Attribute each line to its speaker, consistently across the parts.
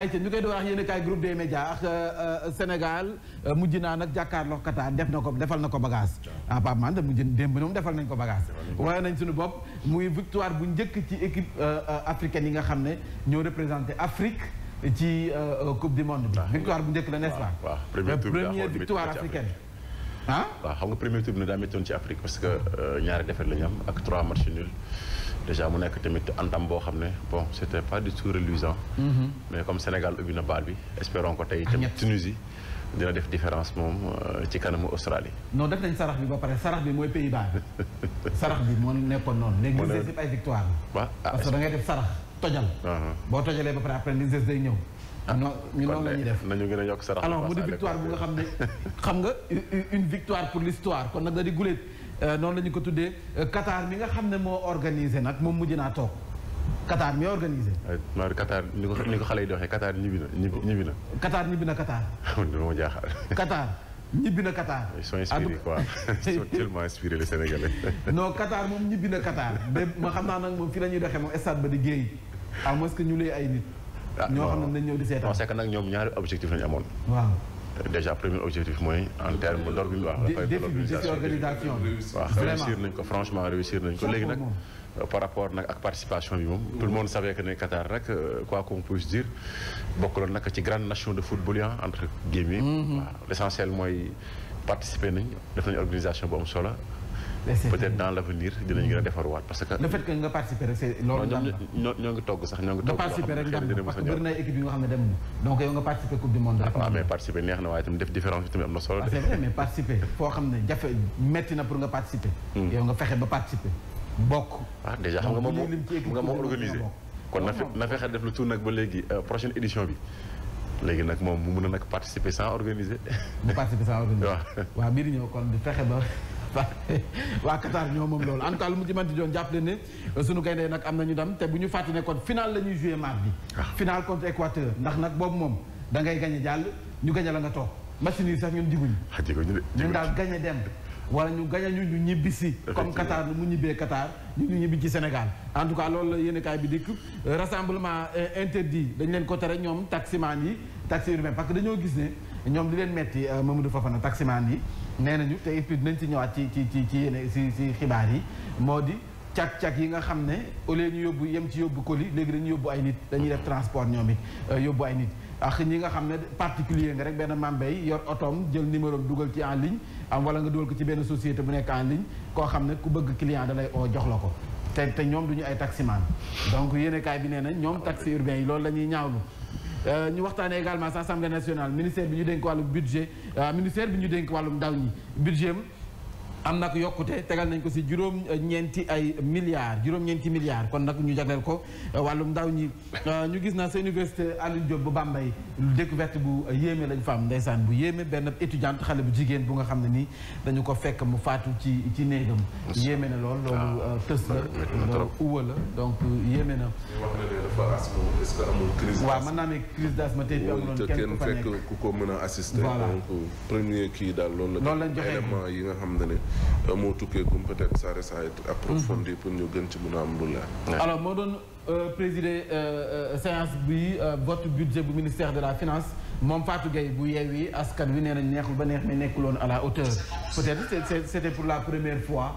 Speaker 1: ayca ñu koy doon wax yéen kaay groupe des médias ak euh, euh, Sénégal euh, mujj naa nag jàkkaarloo Qatar def na ko defal na ko bagage ah Pape Mande mujj démb ñoom defal nañ ko bagage waaye nañ suñu bopp muy victoire bu njëkk ci équipe africaine yi nga xam ne ñoo représenté Afrique ci coupe du monde bi victoire bu njëkk la n'est-ce pas première victoire africaine
Speaker 2: ah xam nga premier tour bi ne daa méttoon ci Afrique parce que ñaari défaite la ñu am ak trois matchs déjà mu nekk tamit antam boo xam ne bon c' était pas du tout reluisant. Mm-hmm. mais comme Sénégal ubbi na baal bi espérons ko tey tamit ah, Tunisie dina def différence moom euh, ci kanamu
Speaker 1: Australie. non def nañ sarax bi ba pare sarax bi mooy Pays-Bas sarax bi moo nekkoon noonu. moo léegi gis ay victoire ah, uh-huh. ba pare après li des day ñëw. Ah, noonu a yokk sarax alors mu di xam nga une victoire pour l'histoire kon nag da di guléet Euh, noonu la ñu ko tuddee euh, Qatar mi nga xam ne moo organisé nag moom mujj naa toog Qatar mi organisé.
Speaker 2: waaw euh, Qatar ni ko ni ko xale yi di waxee Qatar ñibbi na ñibbi na.
Speaker 1: Qatar ñibbi na Qatar.
Speaker 2: dama jaaxal.
Speaker 1: Qatar ñibbi na Qatar.
Speaker 2: ils sont inspirés quoi ils sont tellement inspirés les Sénégalais.
Speaker 1: non Qatar moom na Qatar mais ma xam naa nag moom fii la ñuy moom stade ba di géey à moins que ñu lay ay nit. Ah, ñoo xam ne dañ ñëw
Speaker 2: di seetaan. on sait nag ñoom ñaari objectif lañu amoon. waaw. déjà premier objectif mooy en terme d'or bi mu wax. d'organisation ko franchement réussir nañ ko léegi nag. Euh, par rapport nag ak participation bi moom. tout le monde savait que ne Qatar rek euh, quoi qu'on puisse dire bokkaloon nag ci grande nation de football ya entre guillemets. Mm-hmm. waaw l'essentiel mooy participer nañ def nañ organisation bu am solo. peut-être dans l'avenir dinañu gën a defarwaat parce que. le fait
Speaker 1: que nga participer rek c'est loolu ndam
Speaker 2: ñoo ngi togg sax ñoo ngi togg. nga participer rek nga ne dem
Speaker 1: na donc yow nga participer coupe du monde. dafa ah, mais
Speaker 2: participer neex na waaye itam def différence bi tamit am na solo. Ah, c'est vrai mais
Speaker 1: participer xam ne jafe metti na pour nga participer. Hmm. yow nga fexe ba participer bokk. ah
Speaker 2: déjà xam nga moom nga moom na euh, nag moom mu mën a nag participer sans organiser.
Speaker 1: mu participer sans organiser. waaw waaw ñëw kon fexe ba. waa Qatar ñoo moom loolu en tout lu mu ci mën di doon jàppale ne euh, sunu gaynde nag am na nañu dam te bu ñu fàttali ne kon final la ñuy joué mardi ah. final contre Équateur ndax nag boobu moom da ngay gañe jàll ñu gañe la nga toog machine yi sax ñun jiguñu ah, ñun daal gañe dem wala ñu gañe ñu ñu ñibbi si comme Qatar nu mu ñibbee Qatar ñu ñu ñibbi ci Sénégal en tout cas loolu la yéen kaay bi dikk euh, rassemblement euh, interdit dañ leen ko tere ñoom taximaan yi taxi urbain parce que dañoo gis ne ñoom li leen metti Mamadou Fofana taximaan yi nee nañu te et nañ si ci ñëwaat ci ci ci ci yéene si si xibaar yi moo di càq-càq yi nga xam ne au lieu ñu yóbbu yem ci yóbbu ko colis léegi dañuy yóbbu ay nit dañu def transport ñoom it euh, yóbbu ay nit ak ñi nga xam ne particulier nga rek benn mambay yor otoom jël numéro dugal ci en ligne am wala nga dugal ko ci benn société bu nekk en ligne koo xam ne ku bëgg client da lay oo jox la ko te te ñoom du ay taximaan donc kaay bi nee na ñoom taxi urbain yi loolu la ñuy ñaawlu Euh, ñu waxtaanee également sa assemblée nationale ministère bi ñu dénk wallu budget euh, ministère bi ñu dénk wàllum ndaw ñi budget am nag yokkute tegal nañ ko si juróom euh, ñeenti ay milliards juróom ñeenti milliards kon nag ñu jagleel ko euh, wàllum ndaw ñi euh, ñu gis naa sa université Alioune Diop bu Bambey découverte bu yéeme lañ fa am ndeysaan bu yéeme benn étudiante xale bu jigéen bu nga xam ne nii dañu ko fekk mu faatu ci ci néegam yéeme na lool loolu ah, tës la uwa la donc yéeme na waaw mën naa ne crise d'asthme tey bi amuloon kenn ku
Speaker 3: ku ko mën a assister donc premier kii daal loolu la loolu lañ joxe élément yi nga xam ne Euh, moo tukkeegum peut-être ça reste à approfondi pour ñu gën ci mun a am lu leer.
Speaker 1: alors moo doon euh, présider euh, séance bi vote budget bu ministère de la finance moom Fatou Gueye bu Yewwi Askan Wi nee nañ neexul ba neex mi nekkuloon à la hauteur peut-être c'était pour la première fois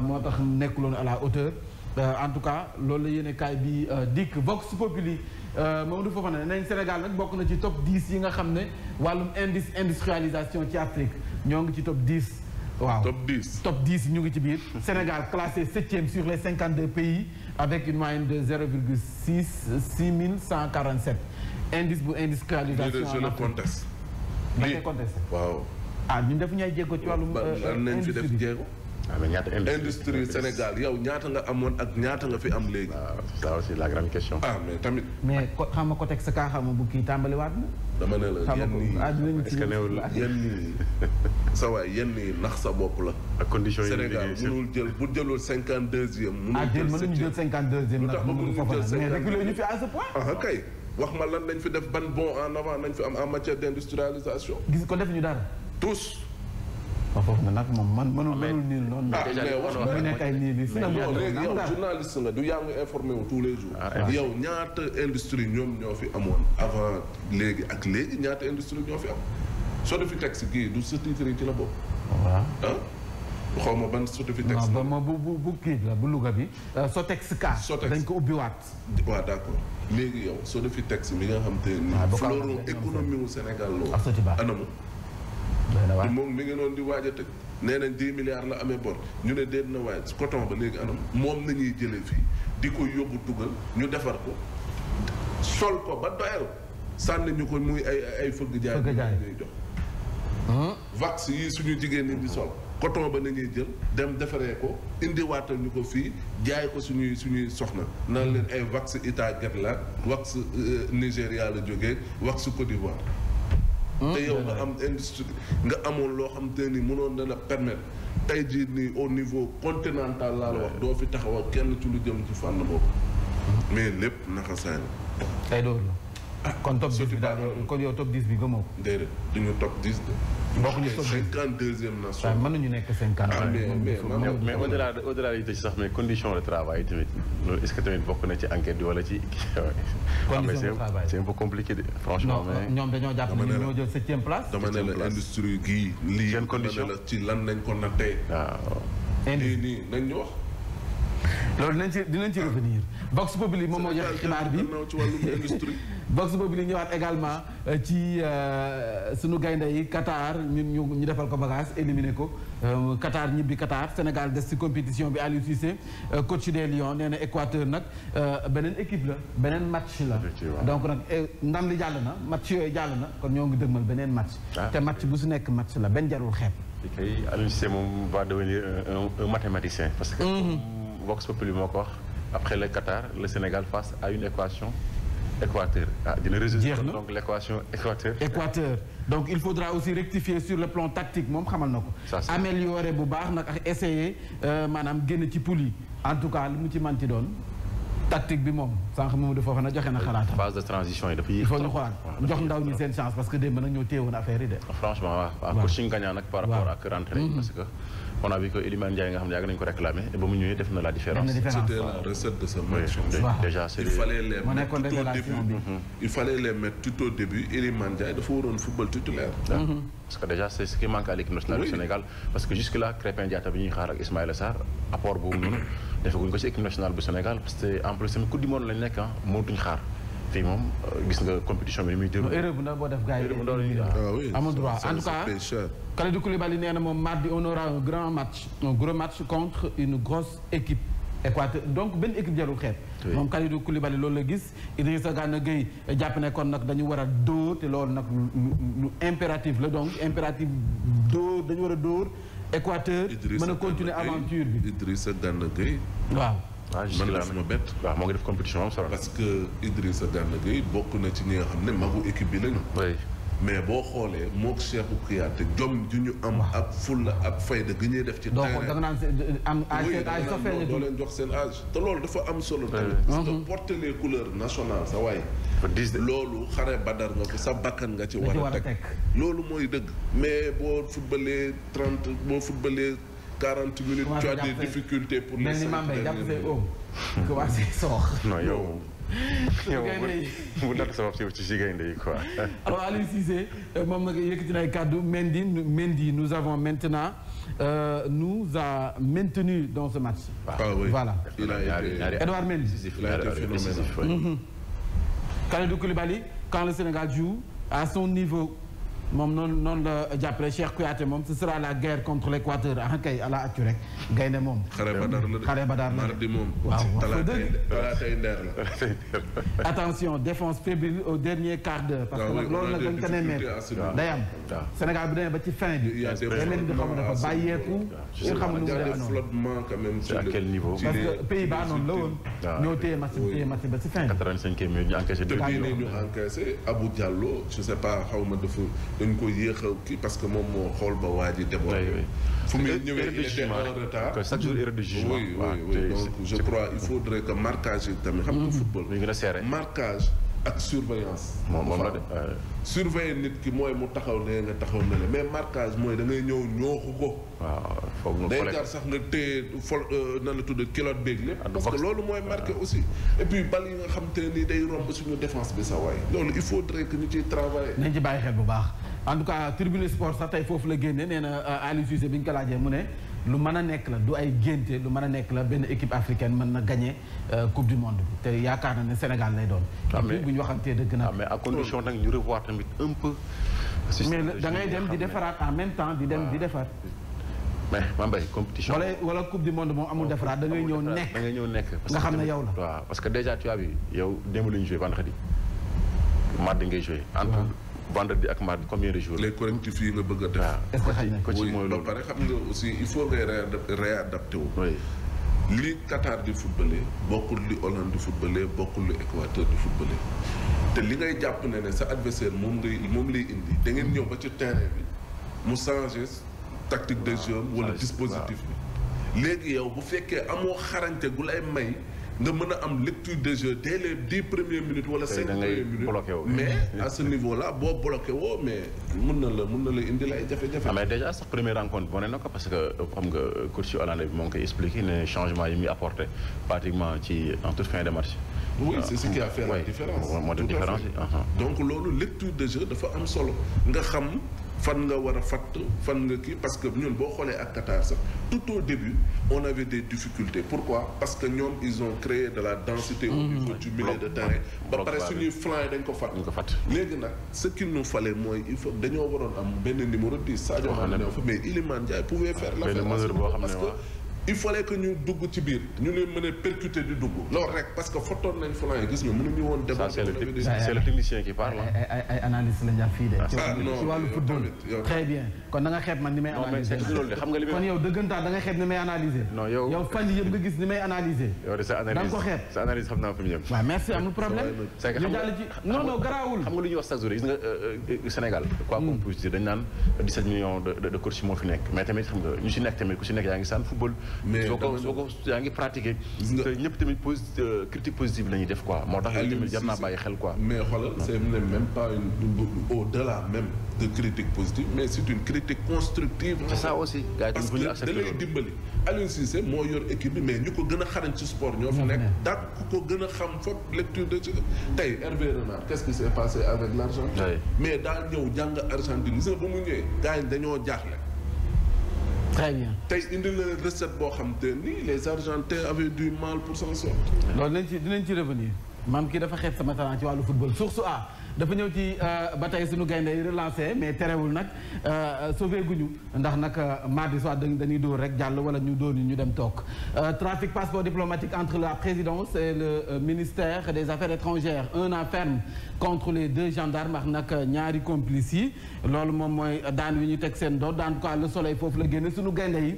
Speaker 1: moo tax nekkul woon à la hauteur. en tout cas loolu la yéene kaay bi dikk Vox Populi Mamadou Fofana nee nañ Sénégal nag bokk na ci top 10 yi nga xam ne wàllum indice industrialisation ci Afrique ñoo ngi ci top 10. waaw top 10 top 10 ñu ngi ci biir Sénégal classé septième sur les cinquante deux pays avec une moyenne de zéro virgule six six mille cent quarante sept indice bu indice qualification je le conteste. da ngay contesté waaw. ah ñun def ñay jéego ci wàllum. Euh, industrie bi fi def jéego. Ah, industrie Sénégal yow ñaata nga amoon ak
Speaker 3: ñaata nga fi am léegi. Ah, ça aussi la grande question. ah mais tamit.
Speaker 1: mais xam nga ko teg sa kaa ne la ah,
Speaker 3: yenn yi est-ce que newul yenn yi sa waay yenn yi sa bopp la. ak condition yi Sénégal mënul jël bu jël septième mënuñu jël
Speaker 1: cinquante deuxième nag mënuñu foofa mais reculer ñu fi à
Speaker 3: def ban bon en avant nañ fi am en matière d'industrialisation.
Speaker 1: gis ko def ñu dara. tous. waaw foofu na moom man mënul mënul nii noonu. ah mais wax dëgg nekk ay nii bi. mais non léegi nga
Speaker 3: du yaa ngi informé wu tous les jours. Ah, ah. yow ñaata industrie ñoom ñoo fi amoon avant léegi ak léegi ñaata industrie ñoo fi am. Sodefitex gii du sous-titre ci la bokk. waaw ah? xaw ma ban Sodefitex. non
Speaker 1: ba bu bu bu kii la bu Louga bi. Euh, Sotex ka. Sotex dañ ko ubbiwaat.
Speaker 3: waaw d' accord léegi yow Sodefitex mi nga xam te ni. waaw fleuron économie wu Sénégal loo. ak Sotiba anamu. te moom mi ngi noonu di waaj a tëj nee nañ 10 milliards la amee bor ñu ne déet na waaj coton ba léegi anam moom nañuy jëlee fii di ko yóbbu dugal ñu defar ko sol ko ba doyal sànni ñu ko muy ay ay fëgg jaay ñuy jox vax yi suñu jigéen ñi di sol coton ba nañuy jël dem defaree ko indiwaatal ñu ko fii jaay ko suñuy suñuy soxna naan leen ay vax état get la vax euh, Nigéria la jógee vax Côte d'Ivoire Hmm? te yow nga am industrie nga amoon loo xam te ni mënoon na la permettre tey jii nii au niveau continental laa la wax doo fi taxawa kenn ci lu jëm ci fànn boobu hmm? mais lépp naxa ay loolu Ah, kon top 10
Speaker 1: bi daal kon yow top 10 bi gëmoo ko.
Speaker 3: déedéet du ñu top 10 de.
Speaker 1: bokk ñu top 10 52e nation. waaw mënuñu nekk 50. ah mais mais mais au
Speaker 2: delà au delà yi tëj sax mais condition de travail tamit loolu est ce que tamit bokk na ci enquête bi wala ci. Ah, condition de travail c' est un peu compliqué de
Speaker 3: franchement. mais
Speaker 1: ñoom dañoo jàpp ne ñoo jël septième place.
Speaker 3: dama ne la industrie gii. lii dama ne la ci lan nañ ko nattee. waaw. Ah. indi nii nañ ñu wax.
Speaker 1: loolu dinañ ci dinañ ci revenir. vox populi moom moo joxe xibaar bi ci wàllum industrie. Vox boobu li ñëwaat également euh, ci euh, sunu gaynde yi Qatar ñun ñu ñu defal ko bagage éliminé ko euh, Qatar ñibbi Qatar Sénégal des ci compétition bi Aliou Cissé coach des Lions nee na Équateur nag beneen équipe la beneen match la. donc nag ndam li jàll na match yooyu jàll na kon ñoo ngi dëgmal beneen match. Ah. te match bu su nekk match la benn jarul xeeb.
Speaker 2: kay Aliou moom va devenir un mathématicien. parce que. Mhm. Vox Populi moo ko wax après le Qatar le Sénégal face à une équation. Équateur ah dina résoudre jeex na donc l' équation
Speaker 1: il faudra aussi rectifier sur le plan tactique moom xamal na ko. améliorer bu baax nag ak essayer euh, maanaam génn ci poule yi en tout cas lu mu ci manti doon. tactique bi moom sànq Mamadou Fofana joxe na xalaatam.
Speaker 2: phase de transition yi dafa yéex. il faut ñu
Speaker 1: xoolaat ndaw ñi seen chance parce que démb nag ñoo téyewoon affaire yi de.
Speaker 2: franchement waaw waaw coaching gagnant par rapport ak rentrée mm-hmm. parce que on que Elimane Ndiaye de ce match.
Speaker 3: déjà mm-hmm. dafa waroon football titulaire. Mm-hmm. parce que déjà c'est ce qui manque à l'équipe Sénégal
Speaker 2: parce que jusque là Crépin Diatta bi ñuy xaar ak Ismaïla Sarr apport boobu noonu defaguñ ko ci équipe nationale bu Sénégal parce que en plus seen coupe du monde lañ nekk ah mënatuñ xaar fii moom euh, gis nga compétition bi ni muy
Speaker 3: déroulé. erreur
Speaker 1: bu ndaw boo def gars yi. Ah amul droit en tout cas Kalidou Koulibaly nee na moom mardi on aura un grand match un gros match contre une grosse équipe. Équateur donc benn équipe jarul xeet moom Kalidou Koulibaly loolu la gis Idrissa Gana Gueye jàpp ne kon nag dañu war a dóor te loolu nag lu impératif la donc impératif dóor dañu war a dóor Équateur mën a
Speaker 3: continuer aventure bi Idrissa Gana Gueye waaw ah, man la suma bett waaw moo ngi def compétition am solo parce que Idrissa Gana Gueye bokk na ci ñi nga xam ne magu équipe bi lañu mais boo xoolee mook Cheikhou Kouyaté jom ju ñu am ak fulla ak fayda gi ñuy def ci terrain donc da nga
Speaker 1: naan euh, am âge sa feeñatul doo
Speaker 3: leen jox seen âge te loolu dafa am solo tamit mhm. porter les couleurs nationales sa waaye loolu xare badar nga ko sa bakkan nga ci war a teg loolu mooy dëgg mais boo footballee trente boo footballee quarante minutes tu as des difficultés pour les cinq
Speaker 1: non
Speaker 2: yow
Speaker 1: yow
Speaker 2: bu natt sabab si ci si yi quoi
Speaker 1: alors Aliou Cissé euh, moom nag yëkkati na ay kàddu Mendy nous avons maintenant Euh, nous a maintenu dans ce match. Ah, oui. Voilà. Il a Kalidou Koulibaly quand le Sénégal joue à son niveau moom noonu noonu la jàppale Cheikh Kouyaté moom ce sera la guerre contre l'Équateur ah kay ala accu rek gaynde moom. xare Badar la de xare Badar la de moom. waaw talaatay
Speaker 3: ndeer la.
Speaker 1: attention défense fébrile au dernier quart d'heure. parce que ah nag loolu nag dañ ko nemmee day am. Ah, ah. Sénégal bu demee ba ci fin bi. yeneen di xam ne dafa bàyyeeku. yu xam nu mu demee noonu
Speaker 2: flottement quand même. sur à quel niveau. parce que Pays-Bas noonu la woon. waaw ñoo téye match téye match ba ci fin bi. 85 minutes ñu encaissé. deux buts ñu
Speaker 3: encaissé Abou Diallo je sais pas xaw ma dafa dañ ko yéex a kii parce que moom moo xool ba waa ji demoon. fu muy ñëwee il était en retard. chaque jour erreur de jugement. oui oui ah, donc je crois il faudrait mm-hmm. ak surveillance. moom moom la de nit ki mooy mu taxaw ne nga taxaw ne mais marquage mooy da ngay ñëw ñooxu ko. waaw foog nga day jar sax nga téye fol euh, na la tudd kilote beeg lépp. Ah, parce que loolu mooy marqué ah. aussi. et puis bal yi nga xam te nii day romb suñu défense bi sa waay. loolu il faudrait que ñu
Speaker 1: ciy travailler. nañ ci bàyyi xel bu baax. en tout cas tribune sport sax tey foofu la génne nee na euh, Aliou Cissé bi ñu ko laajee mu ne lu mën a nekk la du ay génte lu mën a nekk la benn équipe africaine mën na gagné euh, coupe du monde bi te yaakaar na ne Sénégal lay doon. Ah, mais bu ñu waxantee dëgg na. Ah, mais à
Speaker 2: condition nag ñu revoir tamit un peu. mais da ngay dem di defaraat
Speaker 1: en même temps di dem di defar.
Speaker 2: mais maa mbay compétition. wala
Speaker 1: wala coupe du monde moom amul defaraat da ngay ñëw nekk
Speaker 2: da ngay ñëw nekk. nga xam ne yow la waaw parce que déjà tu as vu yow démb la ñu joué vendredi mardi ngay joué.
Speaker 3: entre vendredi ak mardi combien de jours. léegi kon ci fii nga bëgg a def. waaw ah. ko ci mooy loolu ba pare nga aussi il faut ngay réadapté wu. oui li Qatar di footballé bokkul li Hollande di footballé bokkul li Équateur di footballé te li ngay jàpp ne ne sa adversaire moom ngay moom lay indi da ngeen ñëw ba ci terrain bi mu changé tactique de jeu wala dispositif bi léegi yow bu fekkee amoo xarañte gu lay may. nga mën a am lecture de jeu dès les dix premières minutes wala cinq premières minutes mais à ce niveau là boo bloqué woo mais mun na la mun na la indi lay jafe-jafe ah, mais
Speaker 2: déjà sax première rencontre bone na ko parce que euh, xam nga euh, coach hollandais bi moo ngi koy expliqué ne changement yi muy apporté pratiquement ci en toute fin de match oui euh, c'est ce qui a fait la différence moo def différence uh-huh.
Speaker 3: donc loolu lecture de jeu dafa am solo nga xam fan nga war a fatt fan nga kii parce que ñun boo xoolee ak Qatar sax tout au début on avait des difficultés pourquoi parce que ñoom ils ont créé de la densité au mmh. niveau du milieu de terrain ba pare suñuy flanc yi dañ ko fatt léegi nag ce qu'il nous mooy il faut dañoo waroon am benn numéro 10 Sadio Mané fa mais Iliman Ndiaye pouvait faire l'affaire parce que il fallait que ñu dugg ci biir ñu leen mën parce que fottoon nañ flan yi gis nga mënuñu woon dem ça c'est le technicien qui parle
Speaker 1: ay ay analyse lañ ah, ni may analyser kon yow dëggantaan da nga xeeb ni may analyser yow fan yëpp nga gis ni may analyser yow de sa analyse da
Speaker 2: nga ñu jàll ci
Speaker 1: non non garaawul xam nga lu ñuy wax chaque
Speaker 2: jour gis nga euh, euh, Sénégal quoi qu'on mm. puisse dire dañ naan 17 millions de coach moo fi nekk mais tamit xam nga ñu si nekk tamit ku si nekk yaa ngi saan football mais soo ko soo ko yaa ngi pratiqué. te ñëpp tamit posit euh, critique positive la ñuy def quoi moo tax yooyu tamit jar naa bàyyi xel quoi.
Speaker 3: mais xoolal c' est même pas une critique mais c' est une critique constructive. c' est ça dimbali Aliou Cissé moo yor équipe bi mais ñu ko gën a xarañ ci sport ñoo fa mm-hmm. nekk. daan ku ko gën a xam foog lecture de ci tey Hervé Renard qu' est ce qui s' avec l' mais daal ñëw jàng Argentine gis nga ba mu ñëwee gars yi dañoo jaaxle. très bien tey indi na leen recette boo xam te ni les argentins avaient du mal pour s'en sortir.
Speaker 1: loolu dinañ ci dinañ ci revenir. maam kii dafa xeeb sama talent ci wàllu football source A. dafa ñëw ci euh, ba tey suñu gaynde yi relancé mais terewul nag euh, gu ñu ndax nag euh, mardi soir dañuy dóor rek jàll wala ñu dóor ñu dem toog trafic passeport diplomatique entre la présidence et le ministère des affaires étrangères un an ferme contre les deux gendarmes ak nag ñaari complices yi loolu moom mooy daan wi ñu teg seen doot daan quoi le soleil foofu la génne suñu gaynde yi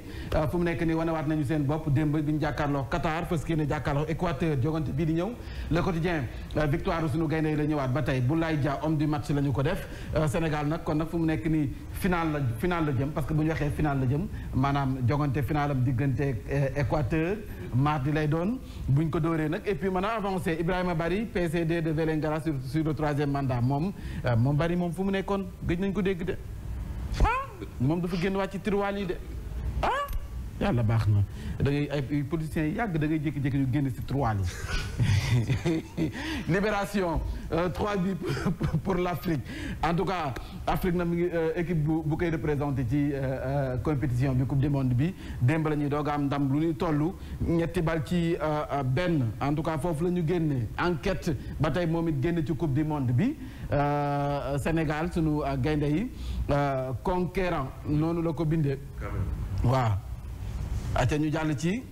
Speaker 1: fu mu nekk nii wanewaat nañu seen bopp démb bi ñu jàkkaarloo Qatar fas yéene jàkkaarloo Équateur jogante bii di ñëw le quotidien victoire suñu gaynde yi la ñëwaat ba tey Abdoulaye Dia homme du match la ñu ko def euh, Sénégal nag kon nag fu mu nekk nii final la final la jëm parce que bu ñu waxee final la jëm maanaam jogante final am diggante euh, Équateur mardi lay doon bu ñu ko dóoree nag et puis mën a avancé Ibrahima Bari PCD de Vélingara sur sur le troisième mandat moom euh, moom Bari moom fu mu nekkoon gëj nañ ko dégg de ah moom dafa génn wàcc tiruwaal yi de ah yàlla baax na da ngay ay politiciens yi yàgg da ngay jékki-jékki ñu génn si trois li libération euh, trois bi pour l' en tout cas Afrique na mi ngi euh, équipe bu bu koy représenté ci euh, compétition bi coupe du monde bi démb la ñuy doog am ndam lu ñuy toll ñetti bal ci benn en tout cas foofu lañu ñu génne enquête ba tey moom it génn ci coupe du monde bi Sénégal sunu gaynde yi conquérant noonu la ko bindee waaw ate ñu jàll ci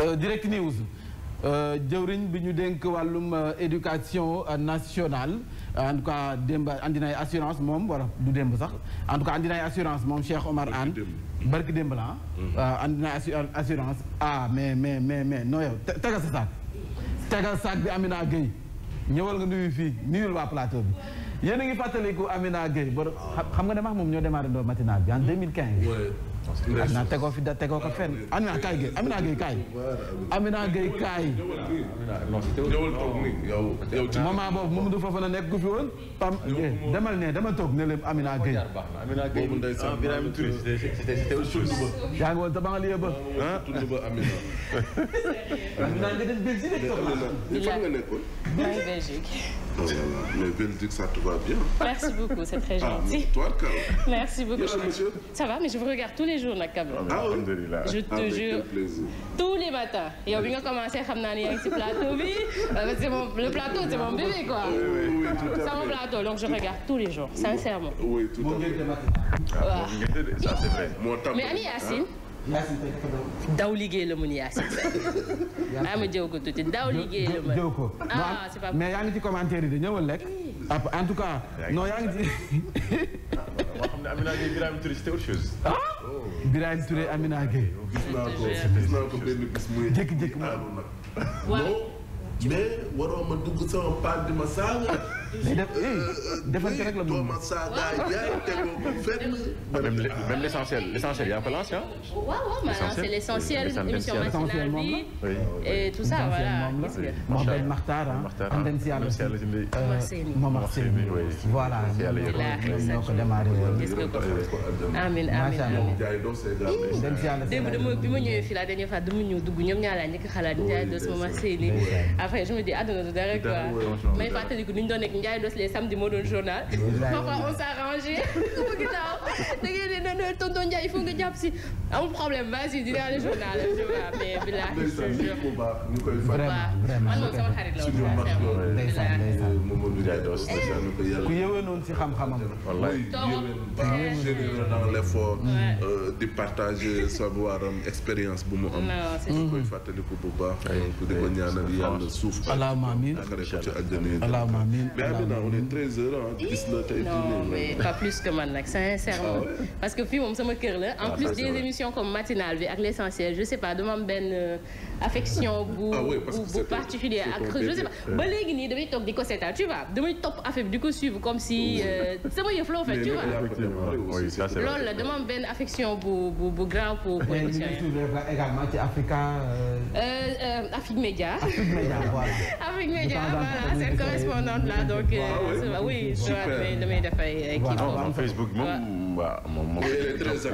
Speaker 1: euh, direct news euh, jëwriñ bi ñu dénk wàllum euh, éducation nationale en tout cas démb andi assurance moom wala du démb sax en tout cas assurance moom Cheikh Omar Anne barki démb la ah mm-hmm. assurance ah mais mais mais mais non yow tegal sa saak tegal saak bi Amina Gueye ñëwal nga nuyu fii nuyul waa plateau bi yéen a ngi fàttaliku Amina Gueye ba xam nga ne moom ñoo démarré doo matinal bi en 2015. am tegoo fi da tegoo ko fenn Amina Kaay Gueye Amina Gueye Kaay. Amina Gueye Kaay. moment boobu moom du foofu na nekk fi woon. Eh, demal ne dama toog ne leen Amina Gueye. Amina Gueye boobu
Speaker 3: ndeysaan Birame Touré
Speaker 1: yaa ngi woon sa banlieue ba.
Speaker 3: tund ba Amina. Oh là là, mais Belgique, ça bien.
Speaker 4: Merci beaucoup, c'est très ah, gentil. Ah, toi, Merci beaucoup. Bien, monsieur. Ça mais je vous regarde tous les jours nag Kabla. Ah oui. Tous les matins. yow bi nga commencé xam naa ne yaa ngi ci plateau bi euh, le plateau c'est mon bébé quoi. c'est mon plateau donc je regarde tous les jours sincèrement. Oui, tout
Speaker 3: à fait.
Speaker 1: Yacine tey
Speaker 4: dafa daw. daw liggéey la mu ni Yacine Seck. yaa ma jëw ko tuuti daw liggéey la ma jëw
Speaker 1: ko. ah c'est pas mais yaa ngi ci commentaire yi de ñëwal lekk. Ah, en tout cas. non yaa ngi ci. maa xam ne Amina Gueye
Speaker 2: Birame
Speaker 3: Touré c'était autre chose. ah
Speaker 1: Birame Touré Amina Gueye. gis naa ko gis
Speaker 3: naa ko benn bis muy. jékki-jékki mu mais waroo ma dugg sama paal di ma saaga. defante rek la mu dooma saaga jaay tegoo ko fenn même
Speaker 2: l'essentiel l'essentiel
Speaker 3: yaa ko lancé ah
Speaker 4: waaw waaw ma lancé l'essentiel émission matinale bi et tout ça voilà
Speaker 2: moom benn
Speaker 1: Maxtaar ah andem si yàlla si Momar Sène voilà ñoom ñoo ko démarré woon amiin amiin amiin dem si yàlla démb dama
Speaker 4: bi ma ñëwee fii la dernière fois dama ñëw dugg ñoom ñaar laa njëkk xalaat Ndiaye Dos Momar Sène après je me dis àdduna du dara quoi may fàttaliku ni ñu doon nekk Ndiaye Doslé samedi moo doon journal. engagé ku bëgg naaw da ngeen ne non non tonton Ndiaye il faut nga jàpp si amul problème vas-y dinaa le journal je vois mais bilaay bu baax ñu koy fàttali man moom sama xarit la
Speaker 3: woon eh, eh. ku
Speaker 1: yëwénoon si xam-xamam wallaay yéwén
Speaker 3: généreux dans l'effort euh, di partager savoir-am expérience bu mu am mhm. ñu koy fàttaliku bu baax donc di ko ñaanal yàlla suuf allahumma amin xare ko ci àjjana mais Amina on est treize heures ah gis la tey plus que man nag
Speaker 4: sincèrement ah parce que fii moom sama kër la en ah, plus des émissions comme matinale bi ak l'essentiel je sais pas dama am benn euh, affection bu ah bu particulier ak je sais pas ba léegi nii damay toog di ko seetaan tu vois damay topp affaire bi di ko suivre comme si euh, sama yëf la en fait tu vois
Speaker 2: loolu
Speaker 4: la dama am benn affection bu bu bu grave pour pour émission yi également ci Africa euh, Afrique Média Afrique Média voilà seen correspondante
Speaker 2: là donc
Speaker 3: oui damay damay
Speaker 4: def ay kii non Facebook
Speaker 3: moom waaw moom moom. très oh,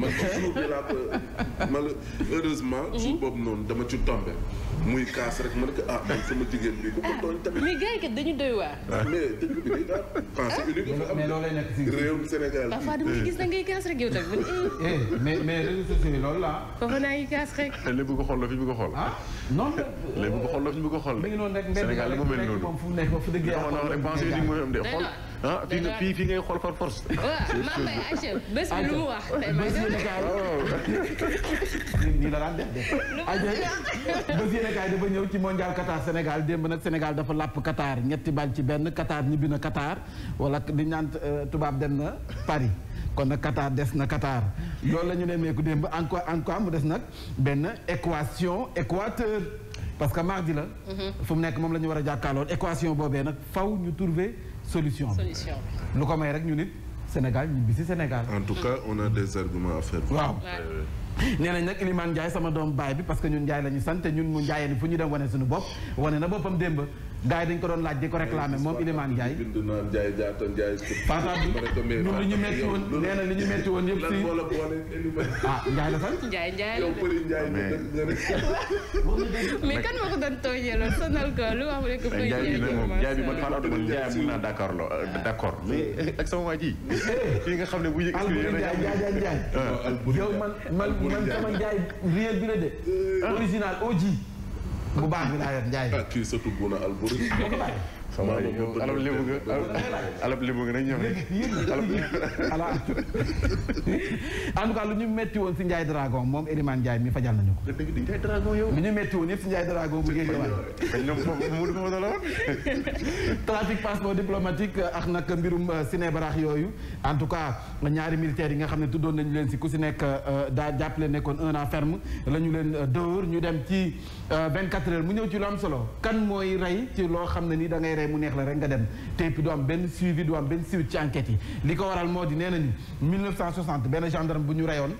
Speaker 3: man jour bi laa ko malheureusement. jour mhm. boobu noonu dama ci tombé. muy kaas rek ma ne ko ah man sama jigéen bi ku ko tooñ
Speaker 4: tamit. mais gars yi kat dañu doy waar.
Speaker 3: Ah. mais dëkk bi day ah.
Speaker 4: rek yow tamit. Eh.
Speaker 3: Eh, mais mais réseaux yi loolu la.
Speaker 4: la fi
Speaker 3: ñu la
Speaker 2: fi ñu ko xool. Ah, mi mel noonu. moom fu mu nekk wax dëgg yàlla. mooy am de xool. ah fi nga fii ngay xool par force. waaw may ayca
Speaker 1: bés mu wax. bés yéen kaay ah, dafa ñëw ci mondial Qatar Sénégal démb nag Sénégal dafa làpp Qatar ñetti bal ci benn Qatar ñibbi na Qatar wala di ñaan euh, tubaab dem na Paris. kon nag Qatar des na Qatar loolu la ñu ne meeku démb des nag benn équation que mardi la. Mhm. mu nekk moom la ñu war a jàkkaarloon équation boobee nag faw ñu trouver. solution bi lu ko may rek ñu nit Sénégal ñu bisi Sénégal en tout cas
Speaker 3: on a des arguments à faire waaw
Speaker 1: nee nañ nag Iliman Ndiaye sama doom baay bi parce que ñun Ndiaye la ñu sant ñun mu Ndiaye ni fu ñu dem wane suñu bopp wane na boppam démb gars yi dañ ko doon laaj di ko réclamer moom Ilimane Ndiaye.
Speaker 3: ñun li ñu metti woon nee na li ñu metti woon yëpp si ah Ndiaye la fan. Ndiaye Ndiaye la mais kan
Speaker 4: moo ko doon tooñee loolu sonal ko lu wax rek. Ndiaye bi
Speaker 3: moom Ndiaye bi man
Speaker 2: Fane Abdou Ndiaye mun naa d'accord loo euh, ah. d'accord mais euh, ak sama waa ji. kii eh. nga xam ne bu ñu. Albouri
Speaker 1: Ndiaye Ndiaye ah. Ndiaye. yow
Speaker 3: man man man sama Ndiaye
Speaker 1: réel bi la de. Eh.
Speaker 3: original OG. bu baax bi laa yor Ndiaye. Ah, kii surtout Bouna Albouri. sama yow alal li
Speaker 2: bëgg alal li bëgg nañ ñëw rek.
Speaker 1: en tout cas lu ñu metti woon si Ndiaye Dragon moom Elimane Ndiaye mi fajal nañu ko. dëgg Ndiaye Dragon yow. lu ñu metti woon yëpp si Ndiaye Dragon bu ngeen ñëwaat. kañ ñoom foofu mu dugg fa trafic passeport diplomatique euh, ak nag mbirum Sine euh, Barax yooyu en tout cas ñaari militaires yi nga xam ne tuddoon nañu leen si ku si nekk euh, daa jàppale nekkoon un an ferme la ñu leen dóor ñu dem ci 24 heures mu ñëw ci lu am solo kan mooy rey ci loo xam ne ni da ngay rey mu neex la rek nga dem tey du am benn suivi du am benn suivi ci enquête yi li ko waral moo di nee nañu 1960 benn gendarme bu ñu reyoon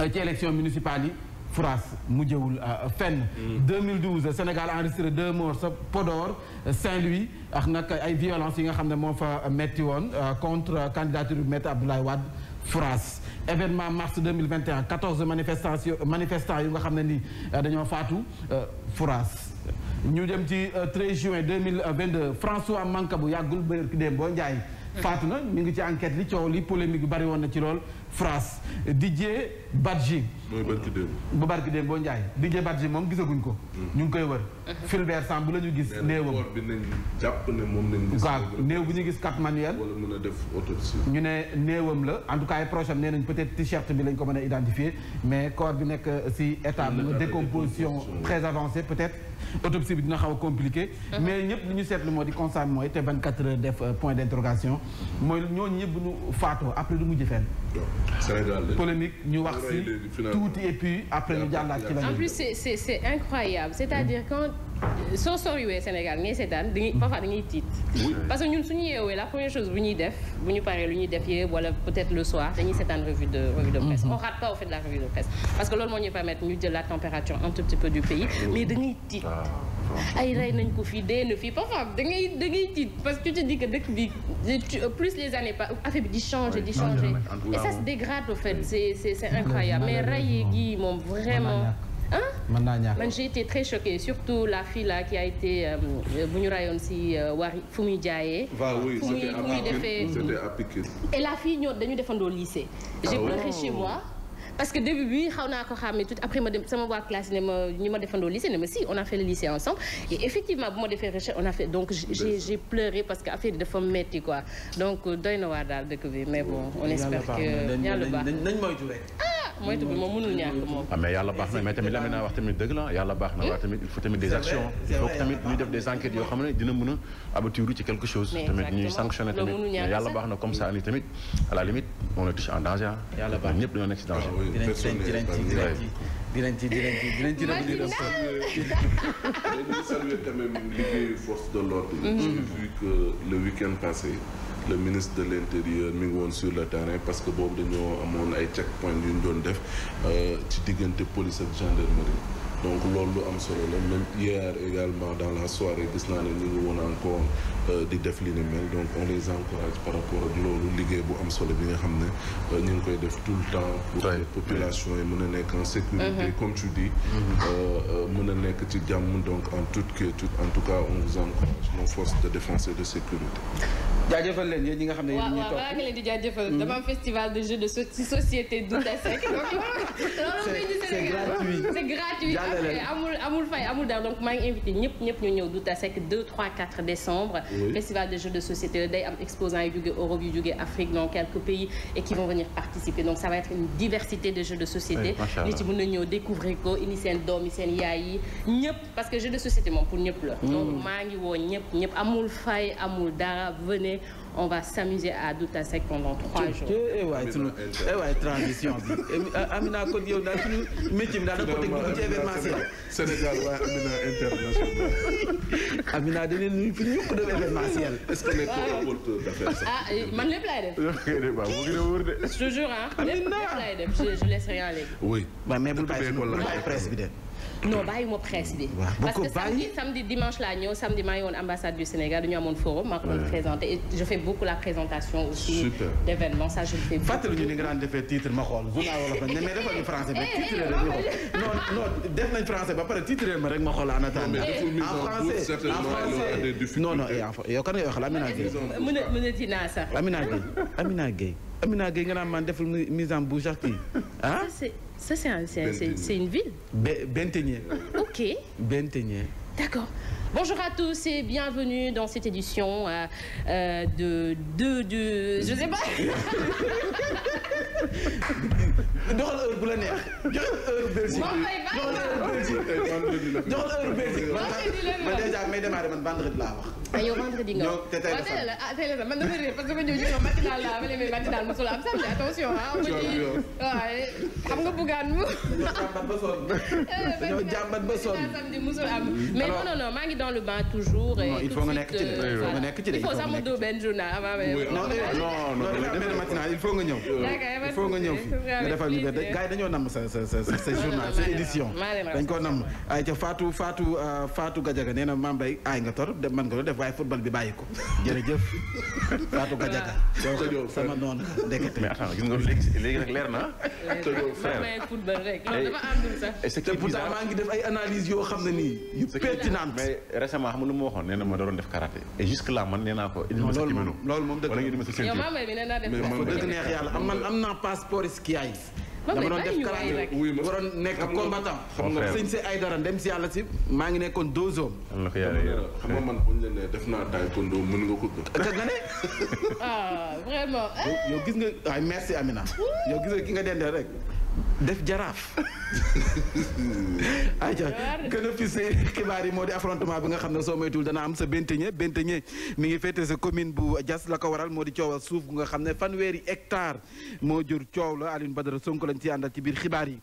Speaker 1: euh, ci élection municipale yi France mujjewul euh, fenn 2012 mm. Sénégal enregistré deux morts sa Podor Saint-Louis ak nag ay violence yi nga xam ne moo fa metti woon euh, contre candidature bu Maître Abdoulaye Wade France événement mars 2021 14 manifestations manifestants yu nga xam ne ni dañoo faatu France ñu dem ci 13 euh, juin deux mille 2022 euh, François bu yàggul bërki dem boo Ndiaye faatu na ñu ngi ci enquête li coow li polémique bi bari woon na ci lool France Didier Badji. mooy barki démb. bu barki démb boo Ndiaye Didier Badji moom gisaguñ ko. ñu ngi koy wër. Fulbert uh-huh. sam la ñu gis. néewam bi nañ jàpp ne moom waaw néew bu ñu gis carte manuelle. wala mën a def ñu ne néewam la en tout cas ay proche am nee nañ peut-être t-shirt bi lañ ko mën a identifier mais corps bi nekk euh, si état de décomposition très avancée peut-être. autopsie bi dina xaw a compliqué. Uh-huh. mais ñëpp li ñu seetlu moo di constat mooy te 24 heures def euh, point d'interrogation mooy ñooñu ñëpp bu ñu faatoo après du mujj fenn.
Speaker 3: Sénégal polémique ñu wax si tuuti et puis après ñu jàllaat ci la. en plus
Speaker 4: c'est c'est c'est incroyable c'est-à-dire mm. quand soo soriwee Sénégal ngay seetaan dañuy parfois dañuy tiit. parce que ñun suñu yeewee la première chose bu ñuy def bu ñu paree lu ñuy def yëpp wala peut-être le soir dañuy seetaan revue de revue de presse. Mm-hmm. on rate pas au fait de la revue de presse parce que loolu moo ñuy permettre ñu jël la température un tout petit peu du pays mais dañuy tiit. Ah. ay rey nañ ko fii de na fii parfois da ngay da ngay tiit parce que tu te dis que dëkk bi plus les années pas affaire bi di changer di changer et ça se dégrade au mais rey gi moom vraiment ah man j'ai été très choquée surtout la fille là qui a été euh, bu ñu rayoon si euh, wari fu muy jaayee fu muy defee et la fille ñoo dañu defandoo lycée ah j'ai pleuré chez oh. moi parce que début bi xaw naa ko xàmmee tout après ma dem sama waa classe ne ma ñu ma defandoo lycée ne ma si on a fait le lycée ensemble et effectivement bu ma defee recherche on a fait donc j'ai j'ai pleuré parce que affaire yi dafa metti quoi donc doy na waar daal dëkk bi mais bon on espère que yàlla baax nañ moytu rek ah, mooy bi moom mënul ñàkk moom. Ah,
Speaker 2: mais yàlla baax na mais tamit Lamine naa wax tamit dëgg la yàlla baax na waaye tamit il faut tamit des actions. il tamit ñuy def des enquêtes yoo xam ne dina mën a aboutir ci quelque chose. tamit ñuy sanctionner tamit mais yàlla baax na comme ça ni tamit à la limite on le touche en danger yàlla baax na ñëpp dañoo nekk si danger. Ah dinañ ci dinañ ci dinañ ci dinañ ci dinañ ci dinañ
Speaker 3: ci dinañ ci. le week-end le ministre de l' intérieur mi ngi woon sur le terrain parce que boobu dañoo amoon ay checkpoint yu ñu doon def euh, ci diggante police ak gendarmerie. donc loolu lu am solo la même hier également dans gis naa ne ñu ngi woon encore euh, di def li ni mel donc on les encourage par rapport ak loolu liggéey bu am solo bi nga xam ne euh, ñu ngi koy def tout le temps pour population yi mën nekk en sécurité mm-hmm. comme tu dis mm-hmm. euh, mën a nekk ci jàmm donc en toute quiétude en tout cas on vous encourage nos forces de défense
Speaker 1: et de sécurité jaajëfal leen yéen ñi nga xam ne yéen ñuy topp waaw waaw maa
Speaker 4: leen di jaajëfal mm-hmm. dama am festival de jeux de société Douta Seck donc c'est gratuit amul amul fay amul dara donc maa ngi invité ñëpp ñëpp ñu ñëw Douta Seck 2 3 décembre. de jeux de société day am exposants yu jóge Europe yu jóge de jeux de société. nit découvrir ko indi seen doom yi seen yaay parce que jeu de société moom pour ñëpp hmm. donc maa ngi woo ñëpp ñëpp amul on va s'amuser à Douta Seck pendant trois jours.
Speaker 1: eh waay eh transition eh, ah, Amina kon yow daal sunu métier bi daal da nga ko teg ci événementiel. Amina international. Amina danañ nuyu fi ñu ko def événementiel. est-ce que les porteurs d'affaires
Speaker 4: ah eh, man lépp laay
Speaker 1: def. toujours ah.
Speaker 4: Amina lépp lépp je je laisse rien
Speaker 1: mais bul bàyyi presse bi
Speaker 4: non bàyyi ma presse bi. parce que samedi samedi dimanche laa ñëw samedi maa ngi woon ambassade du Sénégal dañu forum. maa ko doon présenté je fais beaucoup la présentation. aussi Super. d' événements ça je le fais.
Speaker 1: fàttali ñu ni nga daan titre ma xool bu eh, eh, non non def nañ français pare titre ma rek ma xool en attendant. en français en français non non yow kan ngay wax Amina Gueye. Euh, mën a mën a dinaa sax. Amina Gueye Amina Gueye Amina Gueye nga man deful mise en bouche ak
Speaker 4: ça c'est un, c'est une ville.
Speaker 1: Bentegné. OK. Bentegné.
Speaker 4: D'accord. Bonjour à tous et bienvenue dans cette édition euh, euh, de, de, de... Je sais pas
Speaker 1: joxal heure bu la neex joxal heure Belgique joxal heure Belgique joxal heure Belgique man déjà may démarrer man vendredi laa ah,
Speaker 4: wax. yow vendredi nga wax te tey la tey la ah tey la man dafa réer parce que ma ñëw ñu matinal laa ma leen matinal mosul am samedi attention ah. xam nga bugaan mu. jàmbat
Speaker 1: ba sonn. Eh, jàmbat ba sonn.
Speaker 4: samedi mosul am mm-hmm. mais non non maa ngi est dans le bain il faut nga euh, nekk ci de il faut nga nekk ci de il faut sax
Speaker 1: mu nga ñëw. il nga ñëw fi nga defal ñu benn gars yi dañoo sa sa sa sa journal sa édition. koo namm ay ca Fatou Fatou euh, nee na Mame Mbaye aay nga tor de mën nga def waaye football bi bàyyi ko jërëjëf Fatou Gadiaga. donc sama noonu ndekete.
Speaker 2: mais attends léegi nag leer na.
Speaker 4: Ah? football rek. non dama àndul sax.
Speaker 2: te pourtant maa yoo xam ne nii yu pertinente. récemment xam nga lu ma waxoon nee na ma doon def karaté et jusque là
Speaker 1: man nee naa ko. moom la wala def neex yàlla am man am naa passeport skiaay. nekk combattant. xam nga sëñ si dem si yàlla si maa ngi nekkoon deux hommes.
Speaker 3: xam nga man buñ la nee def naa taekwondo
Speaker 1: mën nga ko. te nga ne.
Speaker 4: ah vraiment.
Speaker 1: yow gis nga ay Amina. yow gis nga ki nga dendee rek. def jaraaf ayca gën a fise xibaar yi moo di affrontement bi nga xam ne soo moytuwul dana am sa benteñe benteñe mi ngi féete sa commune bu Diass la ko waral moo di coowal suuf gu nga xam ne fanweeri hectare moo jur coow la Alioune Badara Sonko lañ ci àndal ci biir xibaar yi